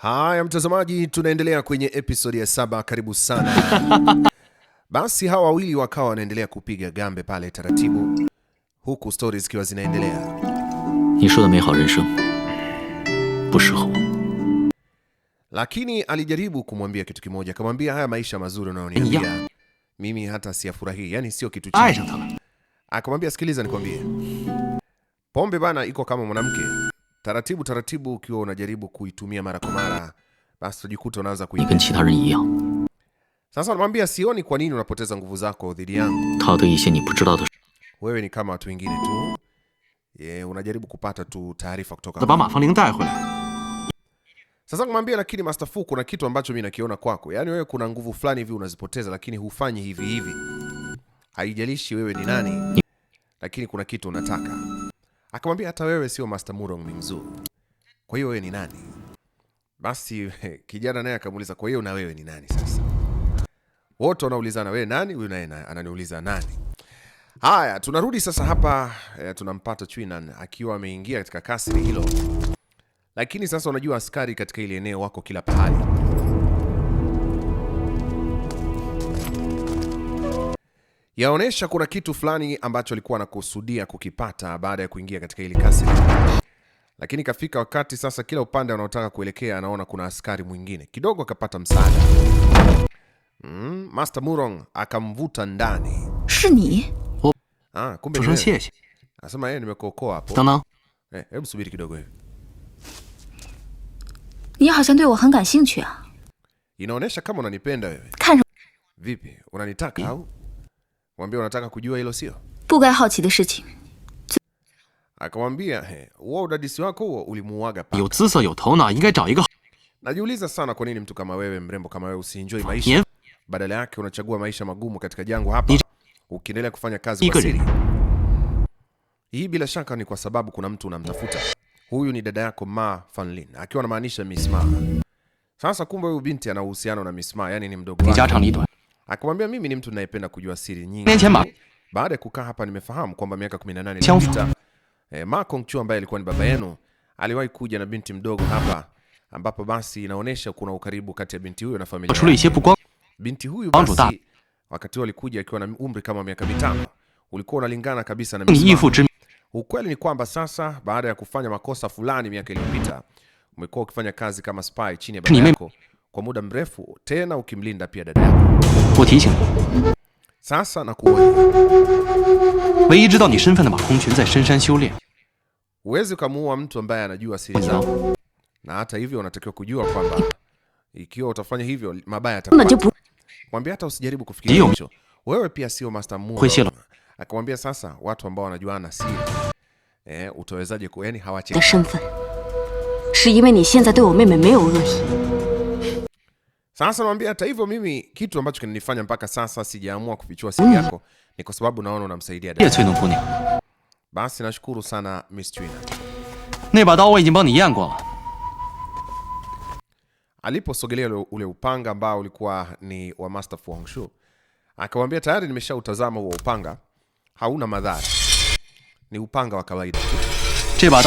Haya mtazamaji, tunaendelea kwenye episodi ya saba. Karibu sana. Basi hawa wawili wakawa wanaendelea kupiga gambe pale taratibu, huku stori zikiwa zinaendelea. Lakini alijaribu kumwambia kitu kimoja, akamwambia haya maisha mazuri unayoniambia mimi hata siyafurahii, yani sio kitu changu. Akamwambia sikiliza, nikwambie, pombe bana iko kama mwanamke taratibu taratibu, ukiwa unajaribu kuitumia mara kwa mara, basi unajikuta unaanza kuitumia. Sasa anamwambia sioni kwa nini unapoteza nguvu zako dhidi yangu. Wewe ni kama watu wengine tu. Ye, unajaribu kupata tu taarifa kutoka. Sasa kumwambia lakini Master Fu kuna kitu ambacho mimi nakiona kwako. Yaani wewe kuna nguvu fulani hivi unazipoteza lakini hufanyi hivi hivi. Haijalishi wewe ni nani. Lakini kuna kitu unataka akamwambia hata wewe sio Master Murong ni mzuri, kwa hiyo wewe ni nani? Basi kijana naye akamuuliza, kwa hiyo na wewe ni nani? Sasa wote wanaulizana, wewe nani? Huyu naye ananiuliza nani? Haya, tunarudi sasa hapa e, tunampata Chwinan akiwa ameingia katika kasri hilo, lakini sasa unajua askari katika ile eneo wako kila pahali. yaonyesha kuna kitu fulani ambacho alikuwa anakusudia kukipata baada ya kuingia katika ile kasri, lakini kafika wakati sasa, kila upande anaotaka kuelekea anaona kuna askari mwingine, kidogo akapata msaada. Mm, Master Murong akamvuta ndani. Shini. Ah, kumbe ni Asema yeye nimekuokoa hapo. Tana. Eh, hebu subiri kidogo hivi. Ni hao sandwe wa hangan xingqu. Inaonesha kama unanipenda wewe. Vipi? Unanitaka au? Mwambie unataka kujua hilo sio? hao Akamwambia "Hey, wewe udadisi wako huo ulimuuaga pale. Najiuliza sana kwa nini mtu kama wewe mrembo kama wewe usienjoy maisha. Badala yake unachagua maisha magumu katika jangwa hapa ukiendelea kufanya kazi kwa siri. Hii bila shaka ni kwa sababu kuna mtu unamtafuta. Huyu ni dada yako Ma Fangling, akiwa anamaanisha Miss Ma. Sasa kumbe huyu binti ana uhusiano na Miss Ma, yani ni mdogo wake. Akamwambia mimi ni mtu ninayependa kujua siri nyingi. Baada ya kukaa hapa nimefahamu kwamba miaka 18 iliyopita eh, Ma Kongqun ambaye alikuwa ni baba yenu aliwahi kuja na binti mdogo hapa ambapo basi inaonyesha kuna ukaribu kati ya binti huyo na familia. Binti huyu basi wakati alikuja akiwa na umri kama miaka mitano, ulikuwa unalingana kabisa na mimi. Ukweli ni kwamba sasa baada ya kufanya makosa fulani miaka iliyopita umekuwa ukifanya kazi kama spy chini ya baba yako kwa muda mrefu, tena ukimlinda pia dada yako. Kutishi. Sasa na kuwa. ni nakuonya, Uwezi kumuua mtu ambaye anajua siri zao. na hata hivyo unatakiwa kujua kwamba ikiwa utafanya hivyo mabaya yatakufuata. Mwambie hata usijaribu kufikiria hicho, wewe pia sio master Mu. Akamwambia sasa, watu ambao wanajuana siri eh, utawezaje? Yani hawache sasa namwambia hata hivyo, mimi kitu ambacho kinanifanya mpaka sasa sijaamua kufichua siri yako ni kwa sababu naona unamsaidia dada. Basi nashukuru sana Miss Twina. Ne ba dao wa ijin bang ni yan guo. Aliposogelea ule upanga ambao ulikuwa ni wa Master Fu Hongxue, akamwambia tayari nimeshautazama huo upanga, hauna madhara, ni upanga wa kawaida ba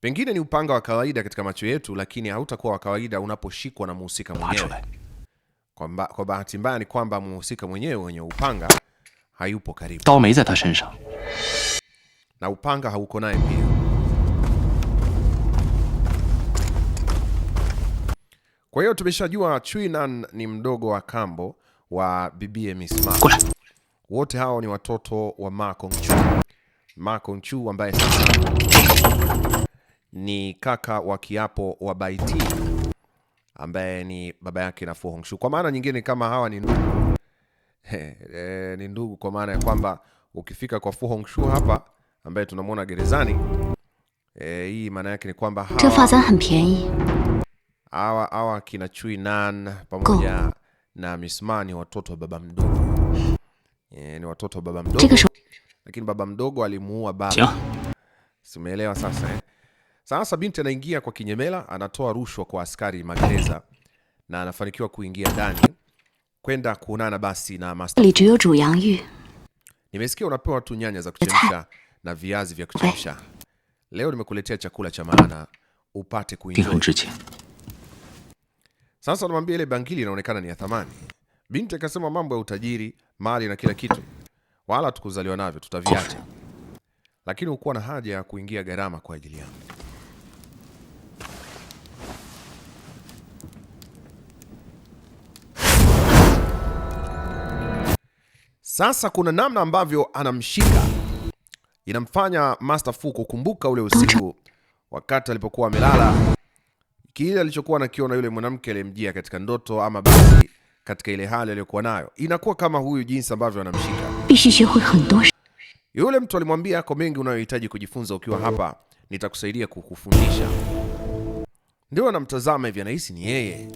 Pengine ni upanga wa kawaida katika macho yetu, lakini hautakuwa wa kawaida unaposhikwa na muhusika mwenyewe. Kwa, mba, kwa bahati mbaya ni kwamba muhusika mwenyewe wenye upanga hayupo karibu na upanga hauko naye pia. Kwa hiyo tumeshajua Chui Nan ni mdogo wa kambo wa bibie Miss Ma. Wote hao ni watoto wa Ma Kongqun. Ma Kongqun ambaye sasa ni kaka wa kiapo wa Baiti ambaye ni baba yake na Fu Hongxue. Kwa maana nyingine kama hawa ni ndugu e, ni ndugu kwa maana ya kwamba ukifika kwa Fu Hongxue hapa ambaye tunamwona gerezani e, hii maana yake ni kwamba hawa hawa kina Chui Nan pamoja na Misma ni watoto wa baba mdogo e, ni watoto wa baba mdogo, lakini baba mdogo alimuua baba. Simeelewa sasa eh? Sasa binti anaingia kwa kinyemela, anatoa rushwa kwa askari magereza na anafanikiwa kuingia ndani kwenda kuonana basi na master. Nimesikia unapewa tu nyanya za kuchemsha na viazi vya kuchemsha. Leo nimekuletea chakula cha maana upate kuingia. Sasa anamwambia ile bangili inaonekana ni ya thamani. Binti akasema mambo ya utajiri, mali na kila kitu. Wala tukuzaliwa navyo tutaviacha. Lakini hukuwa na haja ya kuingia gharama kwa ajili yangu. Sasa kuna namna ambavyo anamshika inamfanya Master Fu kukumbuka ule usiku wakati alipokuwa amelala, kile alichokuwa nakiona yule mwanamke aliyemjia katika ndoto, ama basi katika ile hali aliyokuwa nayo, inakuwa kama huyu, jinsi ambavyo anamshika yule mtu. Alimwambia yako mengi unayohitaji kujifunza ukiwa hapa, nitakusaidia kukufundisha. Ndio anamtazama hivi, anahisi ni yeye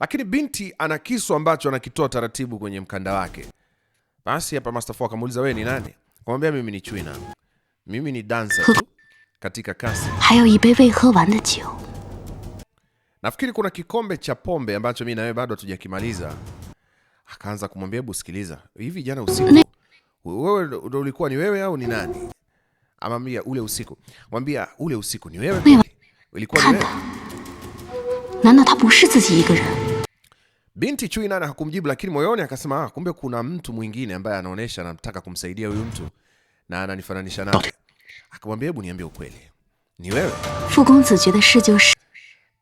lakini binti ana kisu ambacho anakitoa taratibu kwenye mkanda wake. Basi hapa Master Fu akamuuliza wewe ni nani? Kamwambia mimi ni Chwina, mimi ni dancer tu katika kasi. Nafikiri kuna kikombe cha pombe ambacho mimi na wewe bado hatujakimaliza. Akaanza kumwambia hebu sikiliza, hivi jana usiku wewe ndo ulikuwa ni wewe au ni nani? Amwambia ule usiku, mwambia ule usiku ni wewe, ulikuwa ni wewe. Binti Chui nani hakumjibu, lakini moyoni akasema, ah, kumbe kuna mtu mwingine ambaye anaonesha anataka kumsaidia huyu mtu na ananifananisha naye. Akamwambia, hebu niambie ukweli, ni wewe?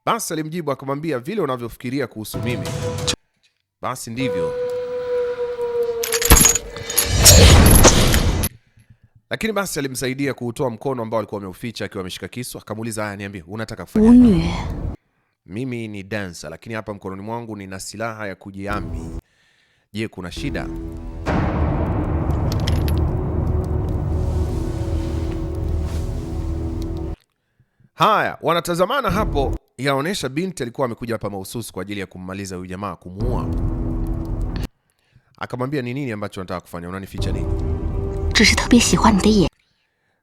Basi alimjibu akamwambia, vile unavyofikiria kuhusu mimi basi ndivyo. Lakini basi alimsaidia kuutoa mkono ambao alikuwa ameuficha akiwa ameshika kisu. Akamuuliza, haya, niambie unataka kufanya mimi ni dancer, lakini hapa mkononi mwangu nina silaha ya kujiami. Je, kuna shida? Haya, wanatazamana hapo, yaonesha binti alikuwa amekuja hapa mahususi kwa ajili ya kummaliza huyu jamaa, kumuua. Akamwambia, ni nini ambacho nataka kufanya? Unanificha nini?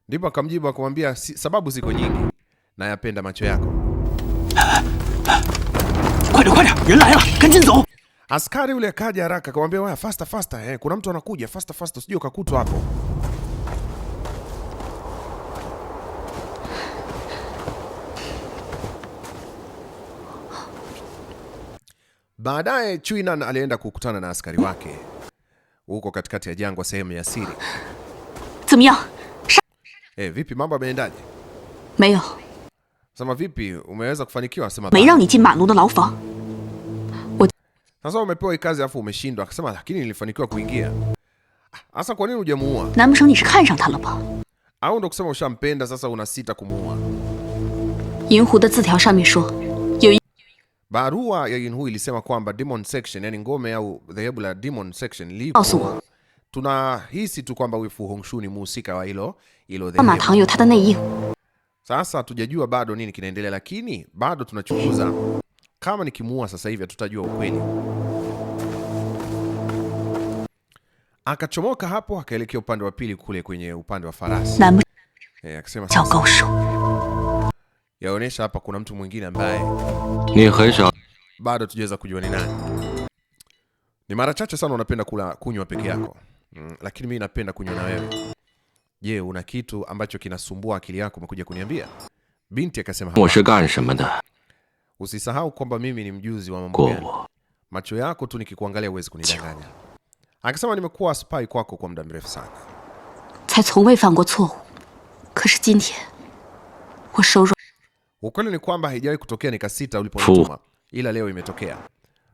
Ndipo akamjibu akamwambia, sababu ziko nyingi, nayapenda macho yako 快点快点，人来了，赶紧走！Askari yule akaja haraka akamwambia wewe faster faster, eh, kuna mtu anakuja faster faster, usije ukakutwa hapo. Baadaye Chuinan alienda kukutana na askari wake huko katikati ya jangwa, sehemu ya siri. Eh, vipi mambo yameendaje? Sema vipi, umeweza kufanikiwa? Anasema sasa umepewa hii kazi alafu umeshindwa. Akasema lakini nilifanikiwa kuingia. Ah, sasa kwa nini hujamuua? Au ndo kusema ushampenda sasa unasita kumuua? Barua ya Yinhu ilisema kwamba Demon Section, yani ngome au dhehebu la Demon Section lipo. Tunahisi tu kwamba Fu Hongxue ni muhusika wa hilo hilo dhehebu. Sasa hatujajua bado nini kinaendelea, lakini bado tunachunguza. Kama nikimuua sasa hivi hatutajua ukweli. Akachomoka hapo akaelekea upande wa pili kule kwenye upande wa farasi. E, akasema yaonesha hapa kuna mtu mwingine ambaye bado tujaweza kujua ni nani. Ni mara chache sana unapenda kula kunywa peke yako. Mm, lakini mimi napenda kunywa na wewe. Je, una kitu ambacho kinasumbua akili yako umekuja kuniambia? Binti akasema hapana. Usisahau kwamba mimi ni mjuzi wa mambo gani. Macho yako tu nikikuangalia huwezi kunidanganya. Akasema nimekuwa spy kwako kwa muda mrefu sana. Ukweli ni kwamba haijawahi kutokea nikasita uliponituma, ila leo imetokea.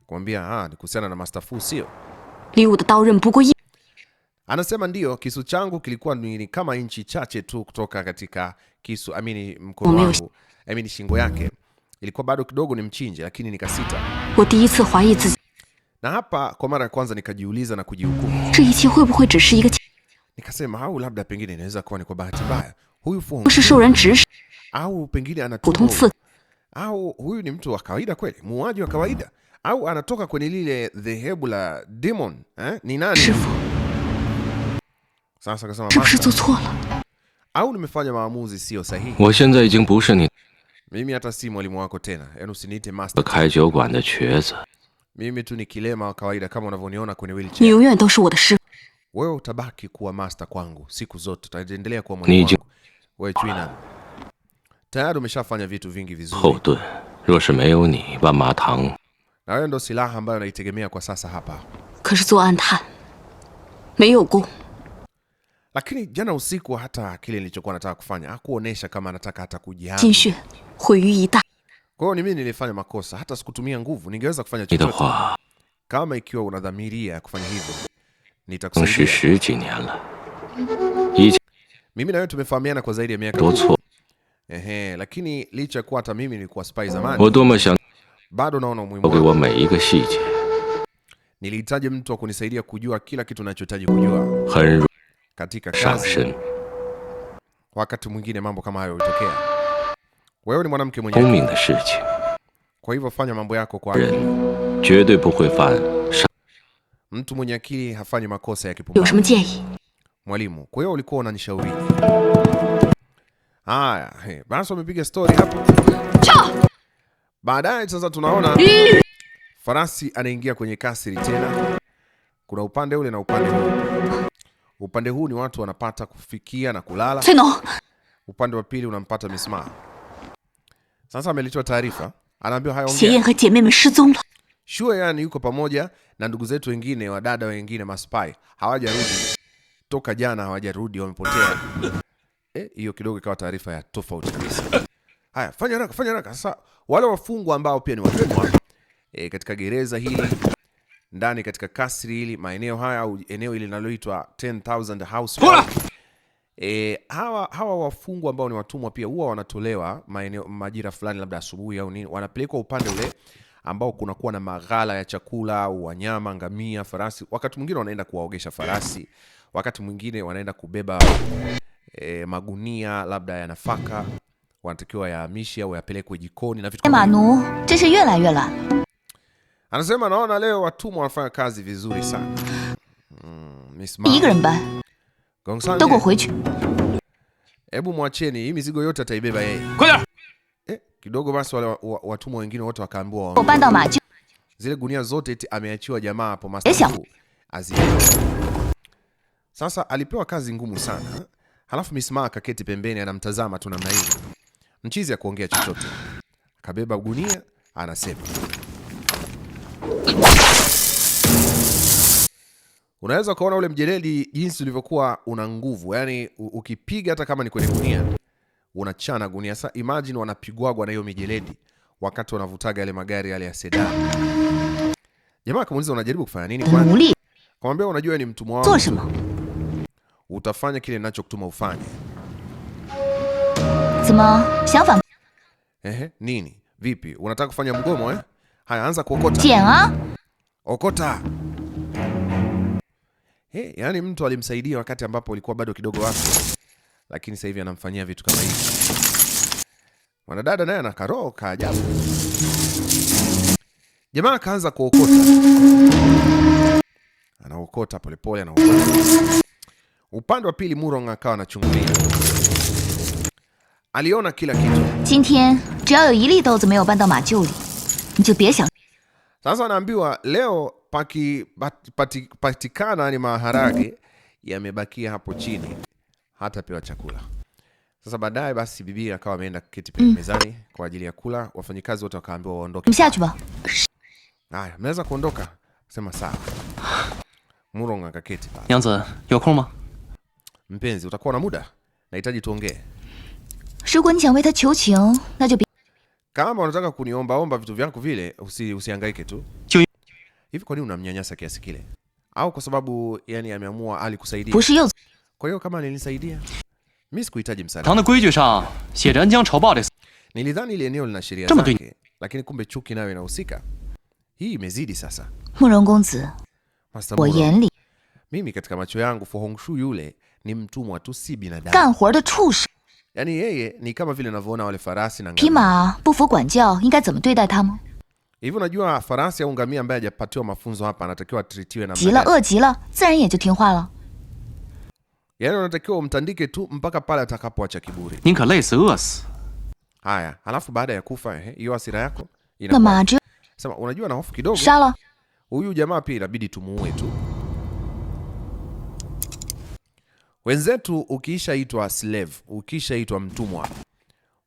Kumwambia ah, ni kuhusiana na Master Fu sio? Anasema ndiyo, kisu changu kilikuwa ni kama inchi chache tu kutoka katika kisu amini, mkono wangu amini, shingo yake ilikuwa bado kidogo ni mchinje, lakini nikasita. Na hapa kwa mara ya kwanza nikajiuliza na kujihukumu, nikasema au labda pengine inaweza kuwa ni kwa bahati mbaya, huyu au pengine ana au huyu ni mtu wa kawaida kweli, muuaji wa kawaida, au anatoka kwenye lile dhehebu la demon eh? ni nani sasa akasema au nimefanya maamuzi sio sahihi. Mimi hata si mwalimu wako tena. Yaani usiniite master. Mimi tu ni kilema wa kawaida kama unavyoniona kwenye wheelchair. Wewe utabaki kuwa master kwangu siku zote. Utaendelea kuwa mwalimu wangu. Wewe China. Tayari umeshafanya vitu vingi vizuri. Na wewe ndio silaha ambayo naitegemea kwa sasa hapa lakini jana usiku hata kile nilichokuwa nataka kufanya hakuonesha kama anataka hata kujihami. Kwa hiyo ni mimi nilifanya makosa, hata sikutumia nguvu, ningeweza kufanya chochote. Kama ikiwa unadhamiria kufanya hivyo, nitakusaidia. Mimi na wewe tumefahamiana kwa zaidi ya miaka. Ehe, lakini licha kuwa hata mimi nilikuwa spy zamani, bado naona umuhimu. Nilihitaji mtu wa kunisaidia kujua kila kitu ninachohitaji kujua katika kazi. Wakati mwingine mambo kama hayo hutokea. Wewe ni mwanamke mwenye akili, kwa hivyo fanya mambo yako kwa akili. Mtu mwenye akili hafanyi makosa ya kipumbavu. Mwalimu, kwa hiyo ulikuwa unanishauri. Haya, basi wamepiga story hapo. Baadaye sasa tunaona farasi anaingia kwenye kasri tena. Kuna upande ule na upande huu. Upande huu ni watu wanapata kufikia na kulala. Sino. Upande wa pili unampata misma. Sasa ameletwa taarifa, anaambiwa haya ongea. Shue yani yuko pamoja na ndugu zetu wengine wa dada wengine maspai. Hawajarudi. Toka jana hawajarudi, wamepotea. Eh, hiyo kidogo ikawa taarifa ya tofauti kabisa. Haya, fanya haraka, fanya haraka. Sasa wale wafungwa ambao pia ni watumwa, eh, katika gereza hili ndani katika kasri hili, maeneo haya au eneo hili linaloitwa 10000 house. E, hawa, hawa wafungwa ambao ni watumwa pia huwa wanatolewa maeneo majira fulani, labda asubuhi au nini, wanapelekwa upande ule ambao kunakuwa na maghala ya chakula au wanyama, ngamia, farasi. Wakati mwingine wanaenda kuwaogesha farasi, wakati mwingine wanaenda kubeba e, magunia labda ya nafaka, wanatakiwa yaamishi au yapelekwe jikoni na vitu kama hivyo. Anasema naona leo watumwa wanafanya kazi vizuri sana. Mm, Hebu mwacheni hii mizigo yote ataibeba yeye. Eh, kidogo basi wale watumwa wengine wote wakaambiwa zile gunia zote eti ameachiwa jamaa hapo master. Sasa alipewa kazi ngumu sana. Eh? Halafu Miss Ma akaketi pembeni anamtazama tu namna hiyo. Mchizi ya kuongea chochote. Akabeba gunia anasema Unaweza ukaona ule mjeledi jinsi ulivyokuwa una nguvu, yaani ukipiga hata kama ni kwenye gunia unachana gunia. Sasa imagine wanapigwagwa na hiyo mijeledi wakati wanavutaga yale magari yale ya sedan. Jamaa akamuuliza unajaribu kufanya nini kwani? Akamwambia unajua ni mtumwa wangu. Utafanya kile ninachokutuma ufanye. Ehe, nini? Vipi? Unataka kufanya mgomo eh? Haya, anza kuokota. okota. Hey, yani mtu alimsaidia wakati ambapo ulikuwa bado kidogo wapi, lakini sasa hivi anamfanyia vitu kama hivi. Mwanadada naye anakaroka ajabu. Jamaa akaanza kuokota, anaokota polepole, anaokota. Upande wa pili Murong akawa anachungulia, aliona kila kitu. 你就别想。Sasa anaambiwa leo pakipatikana ni maharage yamebakia hapo chini, hatapewa chakula. Sasa baadaye basi bibi akawa ameenda kuketi mm. mezani kwa ajili ya kula, wafanyikazi wote wakaambiwa waondoke. Haya, mnaweza kuondoka. Sema sawa. Murong akaketi Mpenzi, utakuwa na muda? Nahitaji tuongee. Kama unataka kuniomba omba vitu vyangu vile, usi, usihangaike tu. Hivi kwa nini unamnyanyasa kiasi kile? Au kwa sababu yani ameamua alikusaidia? Kwa hiyo kama alinisaidia, mimi sikuhitaji msaada. Nilidhani ile eneo lina sheria zake, lakini kumbe chuki nayo inahusika. Hii imezidi sasa. Mimi katika macho yangu Fu Hongxue yule ni mtumwa tu, si binadamu yani yeye ni kama vile unavyoona wale farasi na ngamia. tamu. Hivi unajua farasi au ngamia ambaye hajapatiwa mafunzo hapa anatakiwa atritiwe namna gani? Oh, yaani unatakiwa umtandike tu mpaka pale atakapoacha kiburi. Ninka Haya, alafu baada ya kufa eh, hiyo hasira yako inakuwa. Sema unajua na hofu kidogo. Shala. Huyu jamaa pia inabidi tumuue tu. Wenzetu ukishaitwa slave, ukishaitwa mtumwa,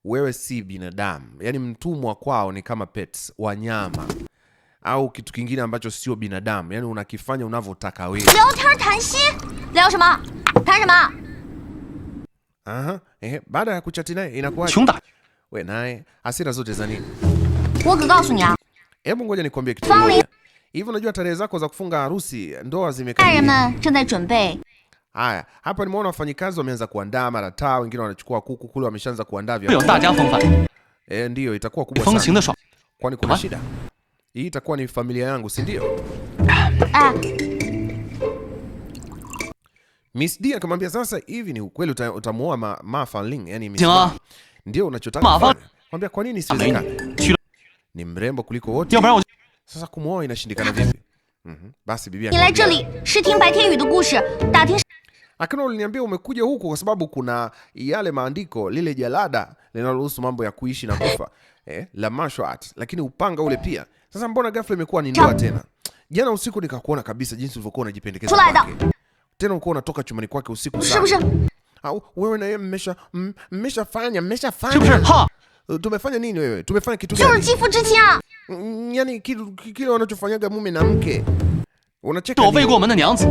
wewe si binadamu. Yaani mtumwa kwao ni kama pets, wanyama au kitu kingine ambacho sio binadamu. Yaani unakifanya unavyotaka wewe. Aha, eh, baada ya kuchati naye inakuwaje? Wewe naye hasira zote za nini? Hebu ngoja nikwambie kitu. Hivi unajua tarehe zako za kufunga harusi, ndoa zimekaribia. Haya, hapa nimeona wafanyikazi wameanza kuandaa marataa, wengine wanachukua kuku kule, wameshaanza kuandaa vyakula. Eh, ndio itakuwa kubwa sana. Kwani kuna shida? Hii itakuwa ni familia yangu, si ndio? Ah. Miss D akamwambia sasa hivi ni ukweli utamuoa ma, Ma Fangling, yani Miss D. ndio unachotaka kufanya. Mwambia kwa nini siwezekana? Ni mrembo kuliko wote. Sasa kumuoa inashindikana vipi? Mm-hmm. Lakini uliniambia umekuja huku kwa sababu kuna yale maandiko lile jalada linalohusu mambo ya kuishi na kufa. Eh, la mashwat, Lakini upanga ule pia. Sasa mbona ghafla imekuwa ni ndoa tena? Jana usiku nikakuona kabisa jinsi ulivyokuwa unajipendekeza kwake. Tena ulikuwa unatoka chumani kwake usiku sana. Au wewe na yeye mmesha mmeshafanya mmeshafanya. Tumefanya nini wewe? Tumefanya kitu gani? yani kile kile wanachofanyaga mume na mke unacheka. nyanzi.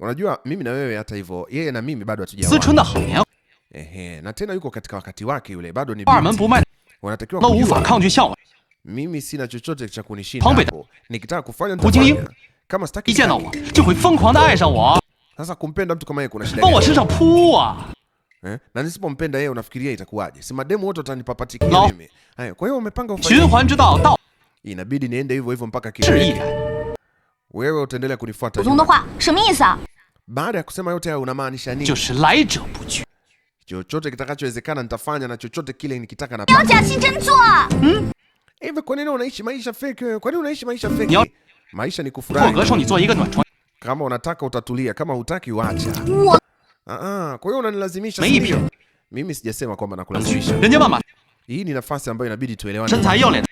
Unajua mimi na wewe hata hivyo, yeye na mimi bado hatujaoa. Ehe, na tena yuko katika wakati wake yule, bado ni wanatakiwa kujua. Mimi sina chochote cha kunishinda hapo, nikitaka kufanya nitafanya, kama sitaki sasa. Kumpenda mtu kama yeye kuna shida gani? Eh, na nisipompenda yeye unafikiria itakuwaje? Si mademu wote watanipapatikia mimi. Hayo, kwa hiyo umepanga ufanye inabidi niende hivyo hivyo mpaka kiwe. Wewe utaendelea kunifuata. Baada ya kusema yote hayo unamaanisha nini? Chochote kitakachowezekana nitafanya na chochote kile nikitaka na. Hmm? Hivi kwa nini unaishi maisha fake Kwa nini unaishi maisha fake? Maisha ni kufurahi. Kama unataka utatulia, kama hutaki uacha. Ah, ah, kwa hiyo unanilazimisha. Mimi sijasema kwamba nakulazimisha. Hii ni nafasi ambayo inabidi tuelewane.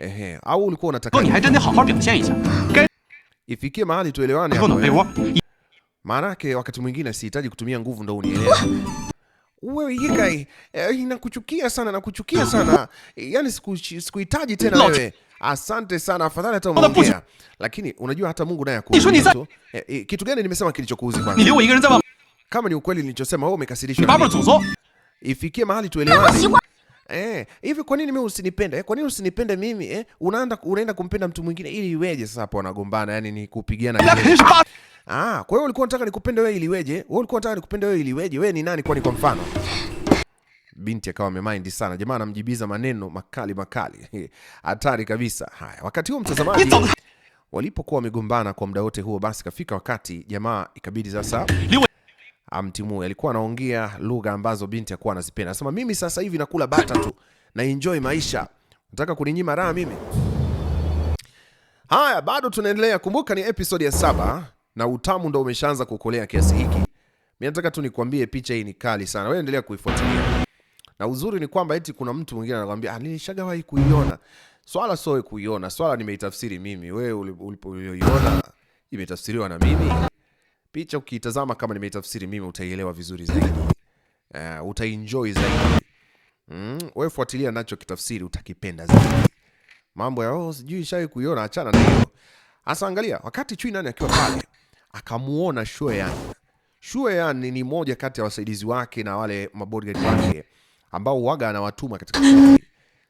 Ehe, au ulikuwa unataka ni hicho ifikie mahali tuelewane hapo. Eh? Maana yake wakati mwingine sihitaji kutumia nguvu ndo unielewe. Wewe eh, inakuchukia sana na kuchukia sana. Yaani sikuhitaji tena wewe. Asante sana, afadhali hata umeongea. Lakini unajua hata Mungu naye akuhusu. Eh, eh, kitu gani nimesema kilichokuuzi kwanza? Kama ni ukweli nilichosema wewe umekasirishwa. Ifikie mahali tuelewane eh, hivi kwa nini mimi usinipende eh? Kwa nini usinipende mimi eh? Unaenda unaenda kumpenda mtu mwingine ili iweje? Sasa hapo wanagombana, yani ni kupigiana ah. Kwa hiyo ulikuwa unataka nikupende wewe ili iweje? Wewe ulikuwa unataka nikupende wewe ili iweje? Wewe ni nani kwani? Kwa mfano binti akawa amemind sana, jamaa anamjibiza maneno makali makali, hatari kabisa. Haya, wakati huo mtazamaji walipokuwa wamegombana kwa muda wote huo, basi kafika wakati jamaa ikabidi sasa Mtimu um, alikuwa anaongea lugha ambazo binti alikuwa anazipenda. Anasema mimi sasa hivi nakula bata tu na enjoy maisha, nataka kuninyima raha mimi. Haya, bado tunaendelea. Kumbuka ni episode ya saba na utamu ndo umeshaanza kukolea kiasi hiki. Mimi nataka tu nikwambie picha hii ni kali sana, wewe endelea kuifuatilia. Na uzuri ni kwamba eti kuna mtu mwingine anakuambia ah, nilishagawahi kuiona. Swala sio kuiona, swala nimeitafsiri mimi, wewe ulipoiona imetafsiriwa na mimi. Picha ukiitazama kama nimeitafsiri mimi utaielewa vizuri zaidi. Uh, utaenjoy zaidi. Mm, wewe fuatilia nacho kitafsiri utakipenda zaidi. Mambo ya oh, sijui shai kuiona, achana na hiyo. Asa, angalia wakati Chui nani akiwa pale akamuona Shue Yan. Shue Yan ni moja kati ya wasaidizi wake na wale mabodyguard wake ambao waga anawatuma katika kundi.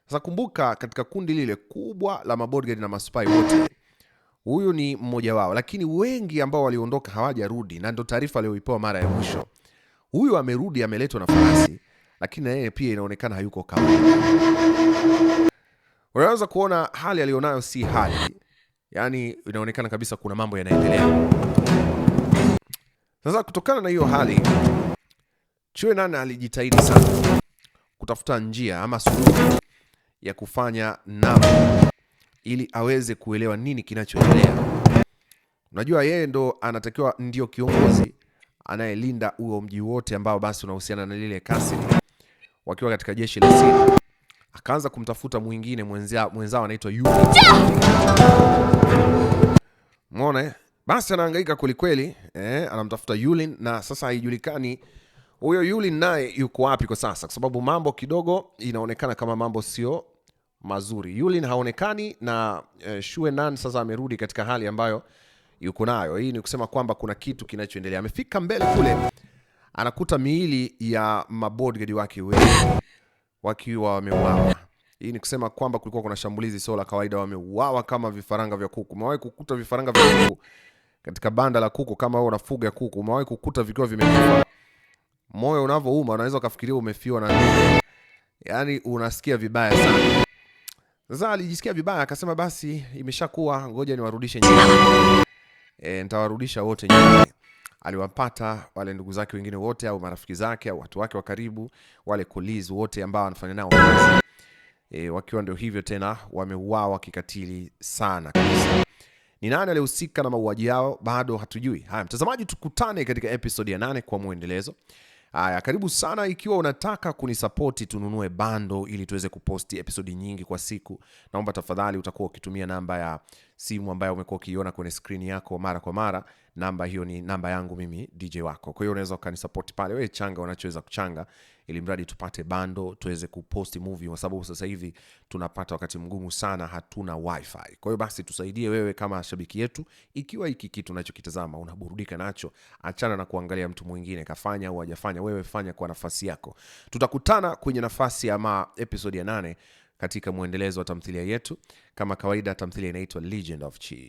Sasa kumbuka katika kundi lile kubwa la mabodyguard na maspai wote Huyu ni mmoja wao, lakini wengi ambao waliondoka hawajarudi, na ndo taarifa aliyoipewa mara ya mwisho. Huyu amerudi, ameletwa na farasi, lakini na yeye pia inaonekana hayuko kama. Unaweza kuona hali aliyonayo si hali, yani inaonekana kabisa kuna mambo yanaendelea. Sasa kutokana na hiyo hali, Chue Nana alijitahidi sana kutafuta njia ama suluhu ya kufanya namna ili aweze kuelewa nini kinachoendelea. Unajua, yeye ndo anatakiwa ndio kiongozi anayelinda huo mji wote ambao basi unahusiana na lile kasri, wakiwa katika jeshi la siri. Akaanza kumtafuta mwingine mwenzao anaitwa Yu. Umeona? Eh? Basi anahangaika kwelikweli eh, anamtafuta Yulin na sasa haijulikani huyo Yulin naye yuko wapi kwa sasa, kwa sababu mambo kidogo inaonekana kama mambo sio mazuri. Yulin haonekani na eh, Shue Nan sasa amerudi katika hali ambayo yuko nayo. Hii ni kusema kwamba kuna kitu kinachoendelea. Amefika mbele kule, anakuta miili ya mabodyguard wake wengi wakiwa wameuawa. Hii ni kusema kwamba kulikuwa kuna shambulizi sio la kawaida, wameuawa kama vifaranga vya kuku. Umewahi kukuta vifaranga vya kuku katika banda la kuku? Kama wewe unafuga kuku, umewahi kukuta vikiwa vimekufa? Moyo unavouma unaweza ukafikiria umefiwa na, nini, yani unasikia vibaya sana. Sasa alijisikia vibaya, akasema basi imeshakuwa, ngoja niwarudishe nyumbani. E, eh, nitawarudisha wote nyumbani. Aliwapata wale ndugu zake wengine wote au marafiki zake au watu wake wa karibu wale kuliz wote ambao wanafanya nao kazi. E, wakiwa ndio hivyo tena wameuawa kikatili sana kabisa. Ni nani alihusika na mauaji yao bado hatujui. Haya mtazamaji, tukutane katika episode ya nane kwa mwendelezo. Aya, karibu sana. Ikiwa unataka kunisapoti tununue bando ili tuweze kuposti episodi nyingi kwa siku, naomba tafadhali utakuwa ukitumia namba ya simu ambayo umekuwa ukiiona kwenye skrini yako mara kwa mara. Namba hiyo ni namba yangu mimi DJ wako, kwa hiyo unaweza ukanisapoti pale, wewe changa unachoweza kuchanga ili mradi tupate bando tuweze kuposti movie, kwa sababu sasa hivi tunapata wakati mgumu sana, hatuna wifi. Kwa hiyo basi tusaidie wewe kama shabiki yetu, ikiwa hiki kitu unachokitazama unaburudika nacho, achana na kuangalia mtu mwingine kafanya au hajafanya, wewe fanya kwa nafasi yako. Tutakutana kwenye nafasi ama episode ya nane katika mwendelezo wa tamthilia yetu. Kama kawaida, tamthilia inaitwa Legend of Chi.